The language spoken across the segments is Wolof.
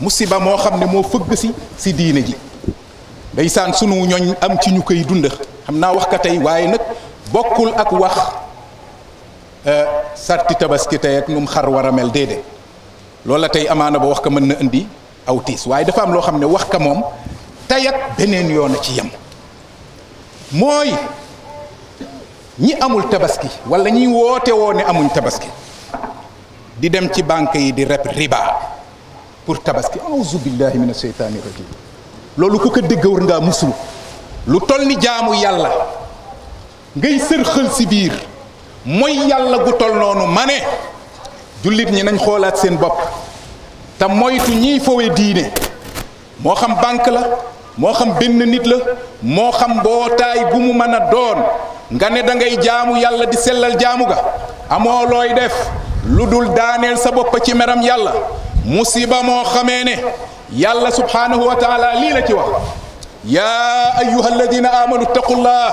musiba mo xamne mo feug ci ci diine ji ndeysaan sunu ñooñ am ci ñukay dund xamna wax ka tay waye nak bokul ak wax sarti tabaski tay ak num xar wara mel dede lola tay amana ba wax ka meuna indi aw dafa am lo xamne wax ka mom tay ak benen yoon ci yam moy ñi amul tabaski wala ñi wote woo amuñ tabaski di dem ci banque yi di rep riba pour tabaski a'udhu billahi minash shaitani rajim lolou ku ko dégg war nga muslu lu tolni jaamu yàlla ngay seur xël ci bir moy yàlla gu tol nonu mané julit ñi nañ xolaat seen bop ta moytu ñi fowe diine mo xam bank la mo xam benn nit la mo xam mbootaay bu mu mëna doon nga ne da ngay jaamu yàlla di sellal jaamu ga amo loy def ludul dul sa bop ci meram yàlla musiba mo xamee ne yàlla subhanahu wa taala li la ci wax ayyuha alladhina amanu آمنوا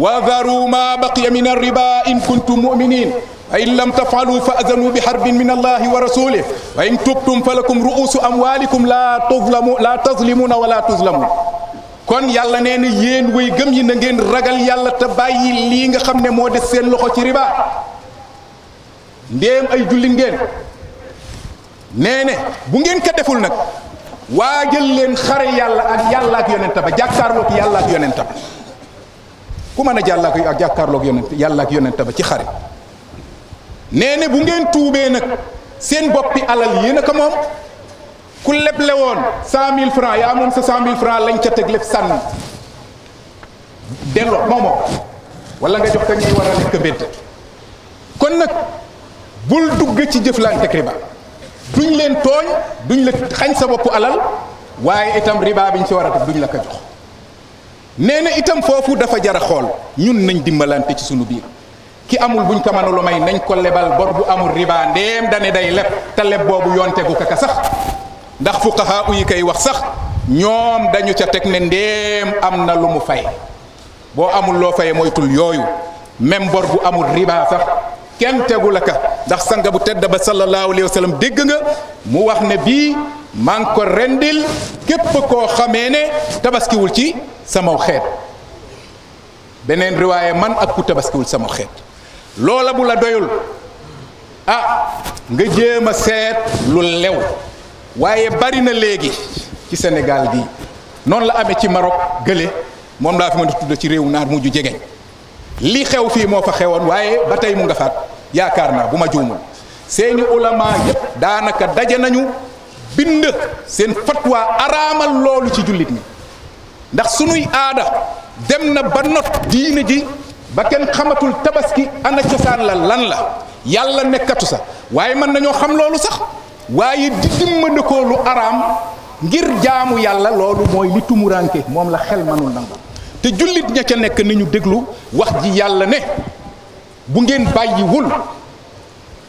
wa dharu ma baqiya min ar-riba in kuntum mu'minin فإن لم تفعلوا فأذنوا بحرب من الله ورسوله وإن تبتم فلكم رؤوس أموالكم لا تظلموا لا تظلمون ولا تظلمون kon يالا نين يين وي گم يي نڭين na يالا ragal باي ليغا خامني lii سين لوخو سي ربا نديم اي جولي نڭين nee ne bu ngeen ko deful nag waa jël leen xare yàlla ak yàlla ak yonenta ba jàkkaarloog yàlla ak yonenta ba mën a jàlla ak jàkkaarloog yonent yàlla ak yonenta ci xare nee ne bu ngeen tuubee nag seen boppi alal yéen a ko moom ku leble woon cent mille francs yaa moom sa cent mille francs lañ ca teg lépp sànni delloo moomoo wala nga jox ko ñuy war a lekk mbedd kon nag bul dugg ci jëflante riba duñ leen tooñ duñ la xañ sa bopp alal waaye itam riba biñ ci war a def duñ la ko jox nee na itam foofu dafa jar a xool ñun nañ dimbalante ci sunu biir ki amul buñ ko mënul may nañ ko lebal bor bu amul riba ndéem dane day leb te leb boobu yoon tegu kaka sax ndax fuqaha yi kay wax sax ñoom dañu ca teg ne ndéem am na lu mu fay boo amul loo faye moytul yooyu même bor bu amul riba sax kenn tegu la ka ndax sanga bu tedd ba sallallahu alayhi wa sallam dégg nga mu wax ne bii maa ngi ko rendil képp koo xamee ne tabaskiwul ci sama xeet beneen riwaaye man ak ku tabaskiwul sama xeet loola bu la doyul ah nga jéem a seet lu lew waaye bari na léegi ci Sénégal gi noonu la amee ci Maroc gële moom laa fi ma a tudd ci réew naar mujj jege li xew fii moo fa xewoon waaye ba tey mu nga faat yaakaar naa bu ma juumul seeni ulama yépp daanaka daje nañu bind seen fatwa araamal loolu ci jullit ñi ndax sunuy aada dem na ba not diine ji ba kenn xamatul tabaski ana cosaan la lan la yàlla nekkatu sax waaye mën nañoo xam loolu sax waaye di dimmandikoo lu araam ngir jaamu yàlla loolu mooy li tumuranke moom la xel mënul nangu te julit ña ca nekk nañu déglu wax ji yàlla ne bu ngeen bàyyi wul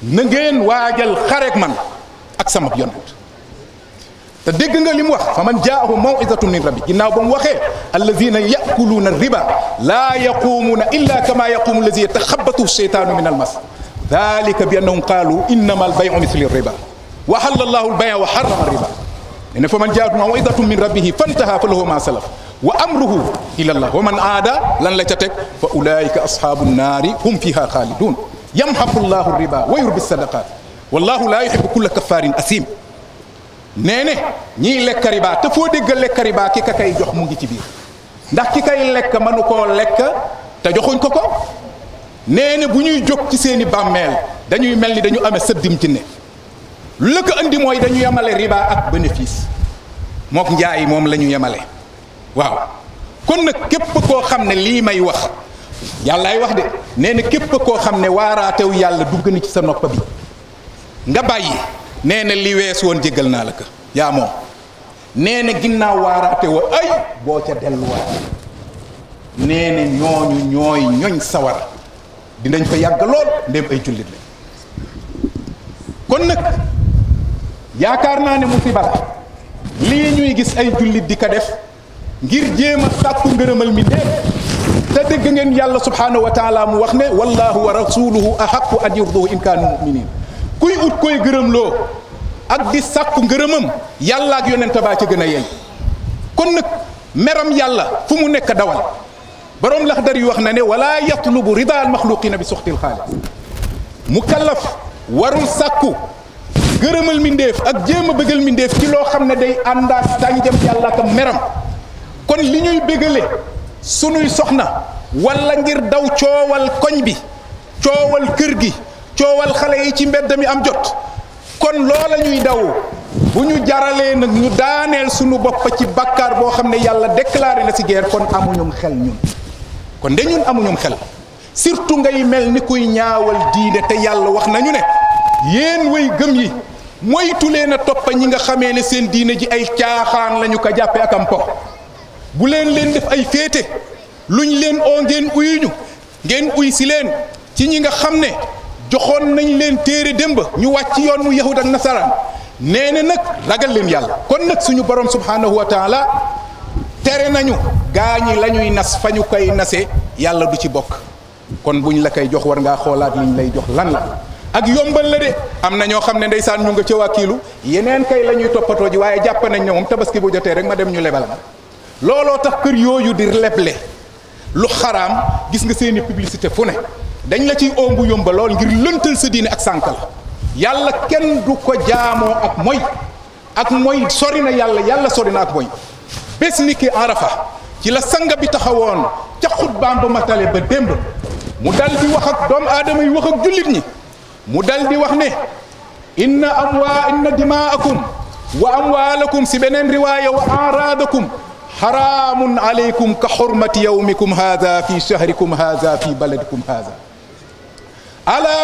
na ngeen waajal xareek man ak sama yonent te dégg nga li mu wax fa man jaahu mawidatu min rabbi ginnaaw ba mu waxee alladina yakuluuna riba la yaqumuna illa kama yaquumu alladi yataxabatu shaytanu min almas ذلك بانهم قالوا انما البيع مثل الربا وحل الله البيع وحرم الربا ان فمن riba موعظه من ربه فانتهى فله ما سلف وامره الى الله ومن عادى لن لا تتك فاولئك اصحاب النار هم فيها خالدون يمحق الله الربا ويربي الصدقات والله لا يحب كل كفار اثيم نيني ني لك ربا تفو ديغ لك ربا كي كاي جوخ موغي تي بير ندا كي كاي لك مانوكو لك تا جوخون كوكو نيني بونيي جوك تي سيني باميل دانيي ملني دانيو امي سديم تي ني لك اندي موي دانيو يامالي ربا اك بنفيس موك نجاي موم لانيو يامالي waaw kon nag képp koo xam ne lii may wax yàllaay wax de nee na képp koo xam ne waaraatew yàlla dugg na ci sa noppa bi nga bàyyi nee na li wees woon jégal naa la ko yaa moom nee na ginnaaw waaraate wa ay boo ca delluwaat ne na ñooñu ñooy ñoñ sawar dinañ fa yàgg lool ndéem ay jullit la kon nag yaakaar naa ne musiba la lii ñuy gis ay jullit di ko def ngir jema a sàkku ngërëmal mi def te deg ngeen yàlla subhanahu wa taala mu wax ne wallahu wa rasuluhu ahaqqu an yurdu in kanu muminin kuy ut koy geureum lo ak di sàkku ngërëmam yàlla ak yonenta ba ci gëna a kon nak meram yàlla fu mu nek dawal borom la xadar yu wax na ne wala yatlubu rida al maxluqina bi sukhti al khaliq mukallaf warul sàkku geureumal mindeef ak jema beugal mindeef ci lo xamne day andak àndaat dem yàlla ak meram kon li ñuy bégale suñuy soxna walla ngir daw coowal koñ bi coowal kër gi coowal xale yi ci mbedd mi am jot kon loola ñuy daw bu ñu jaralee nag ñu daaneel sunu bopp ci bàkkaar boo xam ne yàlla déclaré la ci guerre kon amuñum xel ñun kon de ñun amuñum xel surtout ngay mel ni kuy ñaawal diine te yàlla wax nañu ne yéen way gëm yi moytu leen a toppa ñi nga xamee ne seen diine ji ay caaxaan lañu ko jàppe ak am po bu leen leen def ay féete luñ leen oo ngeen uyuñu ngeen uy si leen ci ñi nga xam ne joxoon nañ leen téere démb ñu wàcc yoonu yahud ak nasaraan nee na nag ragal leen yàlla kon nag suñu borom subhanahu wa taala tere nañu gaa ñi la ñuy nas fa ñu koy nase yàlla du ci bokk kon ñu la koy jox war ngaa xoolaat liñ lay jox lan la ak yombal la de am na ñoo xam ne ndeysaan ñu nga ca wàkkiilu yeneen kay la ñuy toppatoo ji waaye jàpp nañ ne moom tabaski bu jotee rek ma dem ñu lebal lolo tax keur yoyu di leble lu xaraam gis nga seeni publicité fune dañ la ci ombu yomba lol ngir lëntal sa diine ak sankal yàlla ken du ko jaamoo ak moy ak moy sori na yàlla yàlla sori na ak moy bés ni ki arafa ci la sanga bi taxawon ci xutbaam ba matale ba démb mu daldi wax ak dom aadama yi wax ak julit ñi mu daldi wax ne inna amwa inna dimaakum wa amwalakum si benen riwaya wa aradakum حرام عليكم كحرمة يومكم هذا في شهركم هذا في بلدكم هذا ألا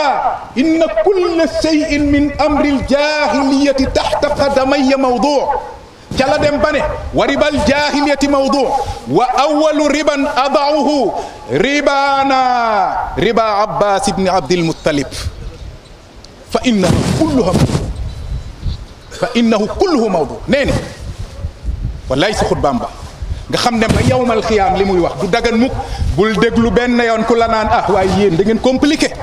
إن كل شيء من أمر الجاهلية تحت قدمي موضوع كلا بني وربا الجاهلية موضوع وأول ربا أضعه ربانا ربا عباس بن عبد المطلب فإنه كلها موضوع فإنه كله موضوع نيني والله يسخد بامبا nga xam ne ma yowmal xiyaam li muy wax du dagan mukk bul déglu benn yoon ku la naan ah waaye yéen da ngeen compliqué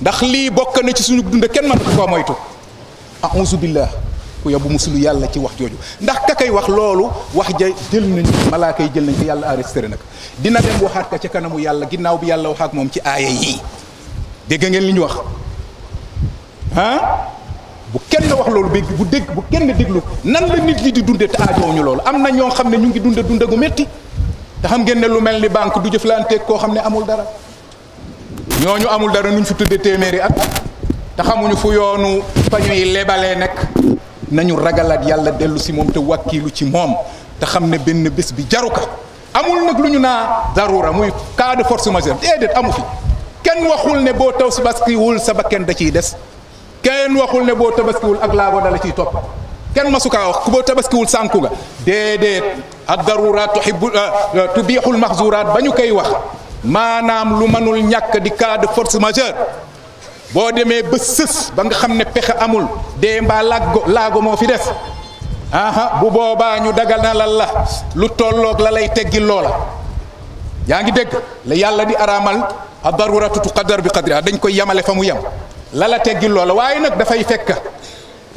ndax lii bokk na ci suñu dund kenn mënatu koo moytu auzu billah ku yóbbu musulu yàlla ci wax jooju ndax ka kay wax loolu wax ja jël nañ malaaka yi jël nañ ko yàlla enregistré nag dina dem waxaat ka ca kanamu yàlla ginnaaw bi yàlla wax ak moom ci aaya yii dégg ngeen li ñu wax ah bu kenn wax loolu bégg bu dégg bu kenn déglu nan la nit ñi di dunde te aajoo ñu loolu am na ñoo xam ne ñu ngi dunde dunde gu métti te xam ngeen ne lu mel ni banque du jëflanteeg koo xam ne amul dara ñooñu amul dara nuñ fi tudde téeméeri at te xamuñu fu yoonu paño yi lebalee nekk nañu ragalaat yàlla dellu si moom te wàkkiilu ci moom te xam ne benn bés bi jaru ko amul nag lu ñu naa darura muy cas de force majeure amu fi kenn waxul ne boo taw si baski wul sa bakken da ciy des kenn waxul ne boo tabaskiwul ak laago dala ciy topp kenn masu kaa wax ku boo tabaskiwul sànku nga déedéet ad daruraat tuhibu tubiixul maxzuraat ba ñu koy wax maanaam lu mënul ñàkk di cas de force majeure boo demee ba sës ba nga xam ne pexe amul dee mbaa laago laago moo fi des aha bu boobaa ñu daganalal la lu tolloog la lay teggil loola yaa ngi dégg la yàlla di araamal ad daruratu tuqaddar bi qadriha dañ koy yamale fa mu yem lala teggil loola waaye nag dafay fekk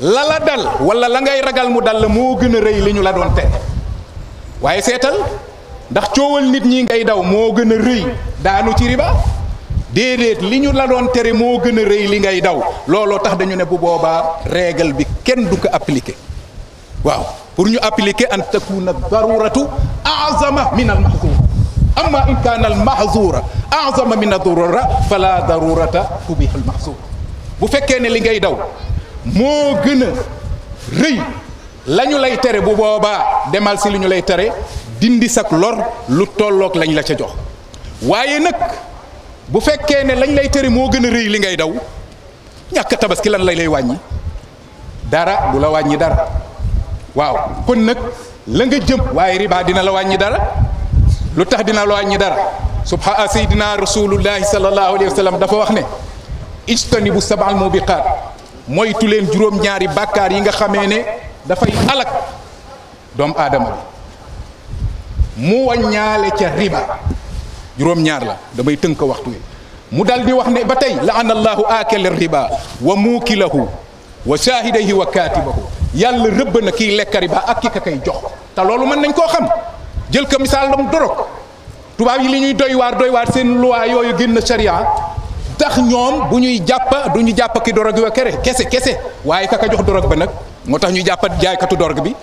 lala dal wala la ngay ragal mu dal la moo gën a rëy li ñu la doon tere waaye seetal ndax coowal nit ñi ngay daw moo gën a rëy daanu ci riba déedéet li ñu la doon tere moo gën a rëy li ngay daw looloo tax dañu ne bu boobaa règle bi kenn du ko appliquer waaw pour ñu appliquer an takuna daruratu azama min al mahzur amma in kana al mahzura azama min ad darura fala darurata tubiha al mahzur bu fekkee ne li ngay daw moo gën a rëy la lay tere bu boobaa demal si li ñu lay tere dindi sak lor lu tolloog lañ la ca jox waaye nag bu fekkee ne lañ lay tere moo gën a rëy li ngay daw ñàkk ki lan lay lay wàññi dara bu la wàññi dara waaw kon nag la nga jëm waaye riba dina la wàññi dara lu tax dina la wàññi dara subha sayyidina rasulullahi sallallahu alayhi wa sallam dafa wax ne ijtani bu sabal mubiqaat moytu leen juróom-ñaari bàkkaar yi nga xamee ne dafay alak doomu aadama bi mu waññaale ca riba juróom-ñaar la damay tënk waxtu wi mu dal di wax ne ba tey laana allahu aakala riba wa muukilahu wa shahidayhi wa kaatibahu yàlla rëbb na kiy lekk riba ak ki ka kay jox te loolu mën nañ koo xam jël ko misaal dam dorog tubaab yi li ñuy doy waar doy waar seen loi yooyu génn sharia tax ñoom bu ñuy jàpp du ñu jàpp ki dorog wa kere kese kese waaye kaka jox dorog ba nag moo tax ñu jàpp jaaykatu dorog bi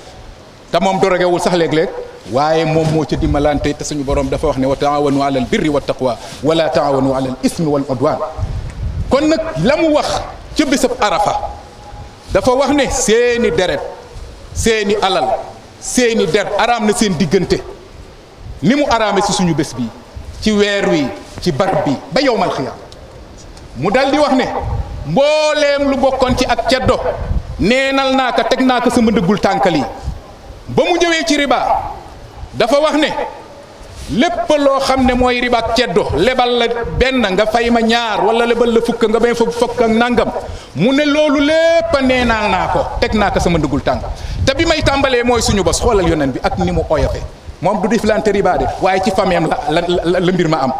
te moom dorogewul sax léeg-léeg waaye moom moo ci dimbalante te suñu borom dafa wax ne wa taawanu alal birri wa taqwa wala taawanu alal ismi wal udwan kon nag la mu wax ci bisab arafa dafa wax ne seeni deret seeni alal seeni der araam na seen diggante ni mu araame si suñu bés bi ci weer wi ci barab bi ba yowmal xiyaam mu dal di wax ne mbooleem lu bokkoon ci ak ceddo neenal naa ko teg naa ko sama ndëggul tànkal yi ba mu ñëwee ci riba dafa wax ne lépp loo xam ne mooy riba ak ceddo lebal la benn nga fay ma ñaar wala lebal la fukk nga bay fa fukk ak nangam mu ne loolu lépp neenaal naa ko teg naa ko sama ndëggul tànk te bi may tàmbalee mooy suñu bos xoolal yoneen bi ak ni mu oyofe moom du diflante riba de waaye ci fameem la la la mbir ma am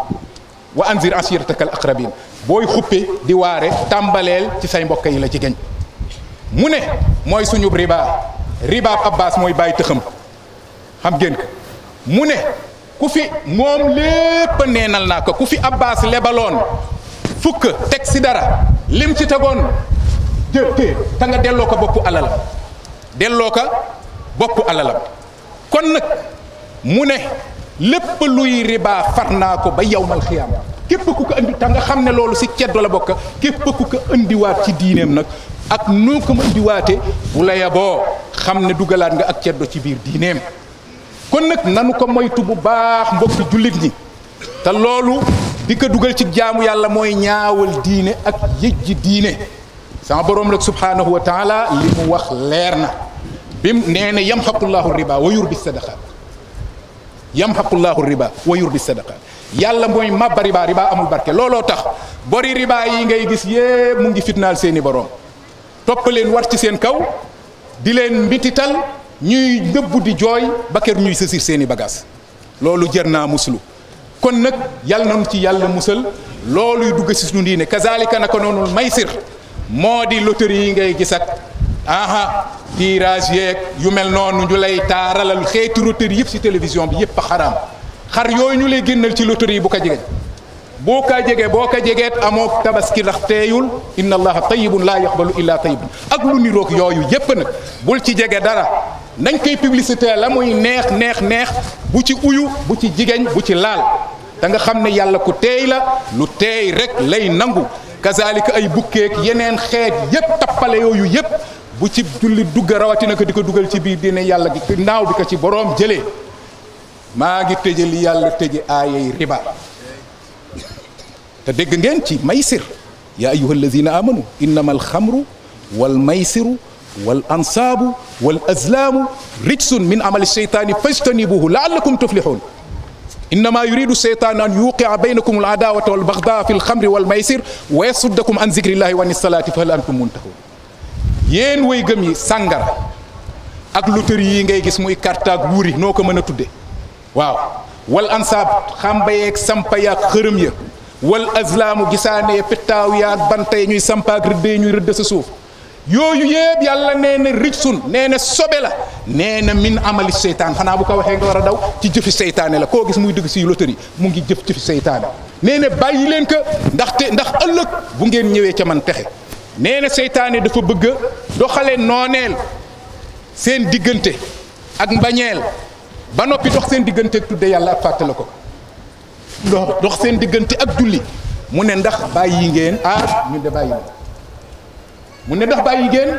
wa anzir asiratakal aqrabin booy xuppe di waare tàmbaleel ci say mbokk yi la ci gëñ mu ne mooy suñu ribaab ribaab abbas mooy bàyyi tëxam xam ngeen ko mu ne ku fi moom lépp neenal naa ko ku fi abbas lebaloon fukk teg si dara lim ci tegoon jël te te nga delloo ko boppu alalam delloo ko boppu alalam kon nag mu ne lépp luy riba farna ko ba yawmal khiyam kep ku ko andi tanga xamne lolou ci loolu si ceddo la bok kep ku ko andi wat ci dinem nak ak noo ko andi waté bu la yabo xamne dugalat nga ak ceddo ci bir dinem kon nak nanu ko moytu bu baax mbokki julit ñi ta lolou di ko dugal ci jaamu yàlla moy ñaawal diine ak yëjji diine sama borom lak subhanahu wa taala limu wax leer bim neena yamhaqullahu riba wa yurbi sadaqaat yamhaqu llahu riba wa yurbi sadaqa yàlla mooy mabba riba riba amul barke looloo tax bori riba yi ngay gis yépp mu ngi fitnaal seeni borom topp leen war ci seen kaw di leen mbitital ñuy nëbbu di jooy ba kër ñuy sësir seeni bagaas loolu jër naa muslu kon nag yàlla nañu ci yàlla musal looluy dugg si suñu diine kazalika naka noonu maysir moo di loterie yi ngay gis ak aha tirage yek yu mel nonu ñu lay taaralal xéetu routeur yëpp ci télévision bi yëpp xaram xar yoy ñu lay gënal ci loterie bu ka jege bo ka jégé bo ka jégé amo tabaski ndax teyul inna allah tayyibun la yaqbalu illa tayyib ak lu ni niroog yooyu yépp nak bul ci jege dara nañ koy publicité la muy neex neex neex bu ci uyu bu ci jigéñ bu ci laal da nga xamné yàlla ku tey la lu tey rek lay nangu kazalika ay bukkek yenen xet yep tapale yoyu yep bu ci julli dugg rawati ko diko duggal ci biir dina yàlla gi naaw bi ko ci borom jële maa ngi tëje li yàlla tëje aayay riba te dégg ngeen ci maysir يا أيها الذين آمنوا إنما الخمر والميسر والأنصاب والأزلام rijsun min amali الشيطان فاجتنبوه laallakum تفلحون إنما يريد الشيطان أن يوقع بينكم العداوة والبغضاء في الخمر والميسر ويصدكم عن ذكر الله وعن الصلاة فهل أنتم منتهون yéen way gëm yi sàngara ak loterie yi ngay gis muy kartaak wuuri noo ko mën a tudde waaw wal ansaab xàmba yeeg sampa yaak xërëm ya wal azlaamu gisaanee pittaaw yaak bantay ñuy sampaak rëddee ñuy rëdd sa suuf yooyu yëpp yàlla nee na rijsun nee na sobe la nee na min amali seytaan xanaa bu ko waxee nga war a daw ci jëfi seytaane la koo gis muy dugg si loterie mu ngi jëf jëfi seytaane nee na bàyyi leen ko ndaxte ndax ëllëg bu ngeen ñëwee ca man texe nee na seytaane dafa bëgg a doxale nooneel seen diggante ak mbañeel ba noppi dox seen diggante ak tudde yàlla ak fàttale ko dox dox seen diggante ak julli mu ne ndax bàyyi ngeen ah ñu de bàyyi mu ne ndax bàyyi ngeen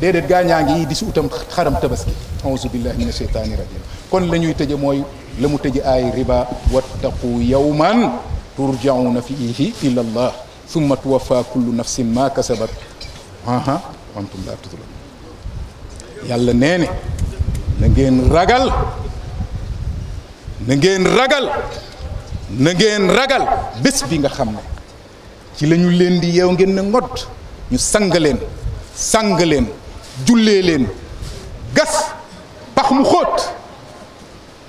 déedéet gaañaa ngi di si utam xaram tabaski auzu billahi mina sheytaani rajim kon la ñuy tëje mooy la mu tëje ay riba wattaqu yawman turjauna fiihi ila allah summa tuwaffa kullu nafsin ma kasabat aha wantum laa tuzlam yàlla nee ne na ngeen ragal na ngeen ragal na ngeen ragal bés bi nga xam ne ci lañu leen di yeew ngeen ne ngod ñu sang leen sang leen jullee leen gas pax mu xóot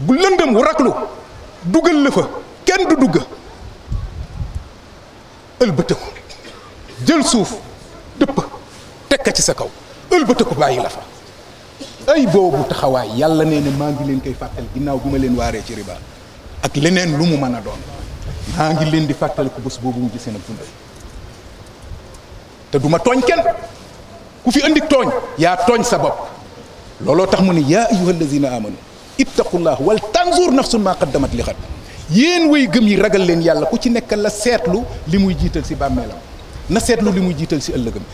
bu lëndëm wu raglu dugal la fa kenn du dugg البتكو جيل سوف دب تكا سي سكاو البتكو باي لا فا اي بوبو تخواي يالا نين ماغي لين كاي فاتال غيناو بيما لين واري سي ريبا اك لينين لومو مانا دون ماغي لين دي فاتال كو بوس بوبو مجي سينا فوند تا دوما توغن كين كو في انديك توغن يا توغن سا بوب لولو تخ موني يا ايها الذين امنوا اتقوا الله ولتنظر نفس ما قدمت لغد yéen way gëm yi ragal leen yàlla ku ci nekk la seetlu li muy jiital si bàmmeelam na seetlu li muy jiital si ëllëgam